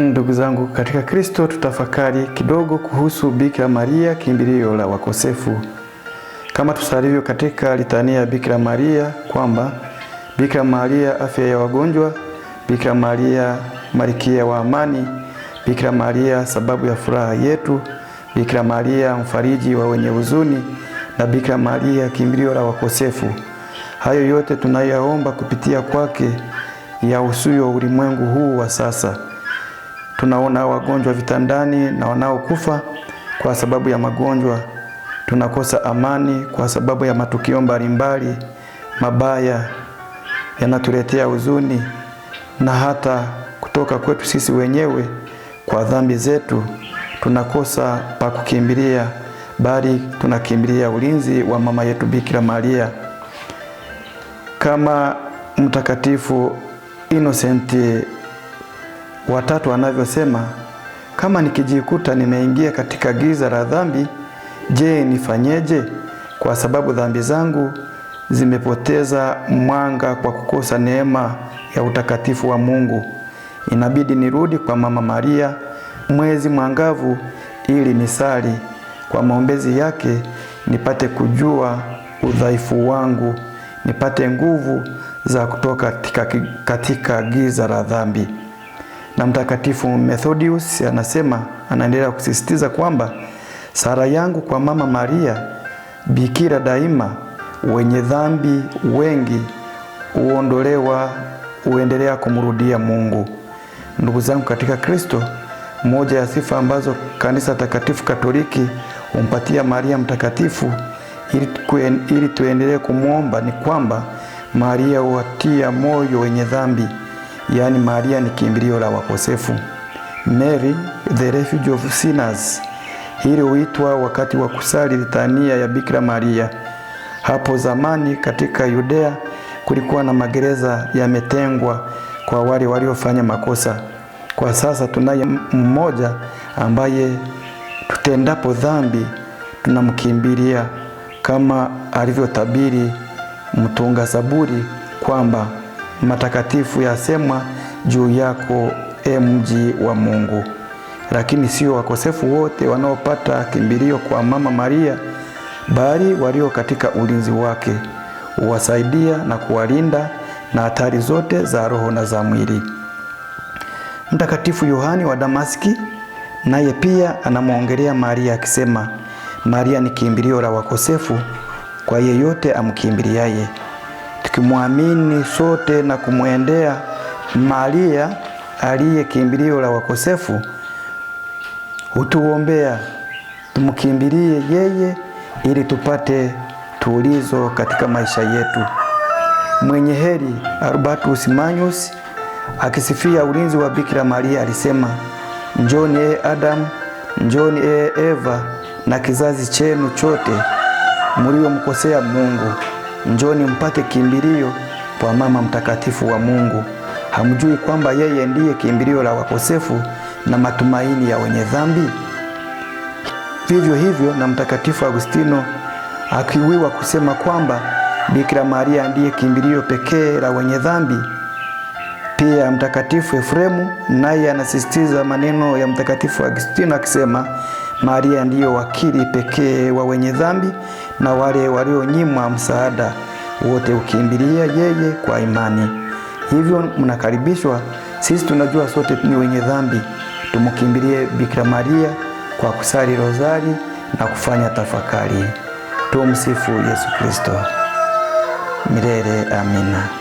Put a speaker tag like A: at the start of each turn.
A: Ndugu zangu katika Kristo, tutafakari kidogo kuhusu Bikira Maria, kimbilio la wakosefu, kama tusalivyo katika litania ya Bikira Maria kwamba Bikira Maria, afya ya wagonjwa, Bikira Maria, malikia wa amani, Bikira Maria, sababu ya furaha yetu, Bikira Maria, mfariji wa wenye huzuni, na Bikira Maria, kimbilio la wakosefu. Hayo yote tunayaomba kupitia kwake, ya usuyo ulimwengu huu wa sasa tunaona wagonjwa vitandani na wanaokufa kwa sababu ya magonjwa. Tunakosa amani kwa sababu ya matukio mbalimbali mabaya yanatuletea huzuni na hata kutoka kwetu sisi wenyewe kwa dhambi zetu. Tunakosa pa kukimbilia, bali tunakimbilia ulinzi wa mama yetu Bikira Maria. Kama Mtakatifu Innocent watatu anavyosema, kama nikijikuta nimeingia katika giza la dhambi, je, nifanyeje? Kwa sababu dhambi zangu zimepoteza mwanga kwa kukosa neema ya utakatifu wa Mungu. Inabidi nirudi kwa Mama Maria mwezi mwangavu ili nisali kwa maombezi yake, nipate kujua udhaifu wangu, nipate nguvu za kutoka katika, katika giza la dhambi na Mtakatifu Methodius anasema, anaendelea kusisitiza kwamba sala yangu kwa Mama Maria bikira daima, wenye dhambi wengi uondolewa, uendelea kumrudia Mungu. Ndugu zangu katika Kristo, moja ya sifa ambazo kanisa takatifu Katoliki humpatia Maria mtakatifu ili, ili tuendelee kumwomba ni kwamba Maria huwatia moyo wenye dhambi yaani Maria ni kimbilio la wakosefu, Mary the refuge of sinners. Hili huitwa wakati wa kusali litania ya Bikira Maria. Hapo zamani katika Yudea kulikuwa na magereza yametengwa kwa wale waliofanya makosa. Kwa sasa tunaye mmoja ambaye tutendapo dhambi tunamkimbilia kama alivyotabiri mtunga Zaburi kwamba matakatifu yasemwa juu yako, e mji wa Mungu. Lakini sio wakosefu wote wanaopata kimbilio kwa Mama Maria, bali walio katika ulinzi wake, huwasaidia na kuwalinda na hatari zote za roho na za mwili. Mtakatifu Yohani wa Damaski naye pia anamwongelea Maria akisema, Maria ni kimbilio la wakosefu kwa yeyote amkimbiliaye tukimwamini sote na kumwendea Maria aliye kimbilio la wakosefu, hutuombea tumkimbilie yeye ili tupate tulizo katika maisha yetu. Mwenye heri Arbatus Magnus akisifia ulinzi wa Bikira Maria alisema, njoni ee Adamu, njoni ee Eva na kizazi chenu chote mliomkosea Mungu njoni mpate kimbilio kwa mama mtakatifu wa Mungu. Hamjui kwamba yeye ndiye kimbilio la wakosefu na matumaini ya wenye dhambi? Vivyo hivyo na Mtakatifu Agustino akiwiwa kusema kwamba Bikira Maria ndiye kimbilio pekee la wenye dhambi. Pia Mtakatifu Efremu naye anasisitiza maneno ya Mtakatifu Agustino akisema Maria ndiyo wakili pekee wa wenye dhambi na wale walionyimwa msaada, wote ukimbilia yeye kwa imani. Hivyo mnakaribishwa. Sisi tunajua sote ni wenye dhambi, tumkimbilie Bikira Maria kwa kusali rozari na kufanya tafakari. Tumsifu Yesu Kristo milele. Amina.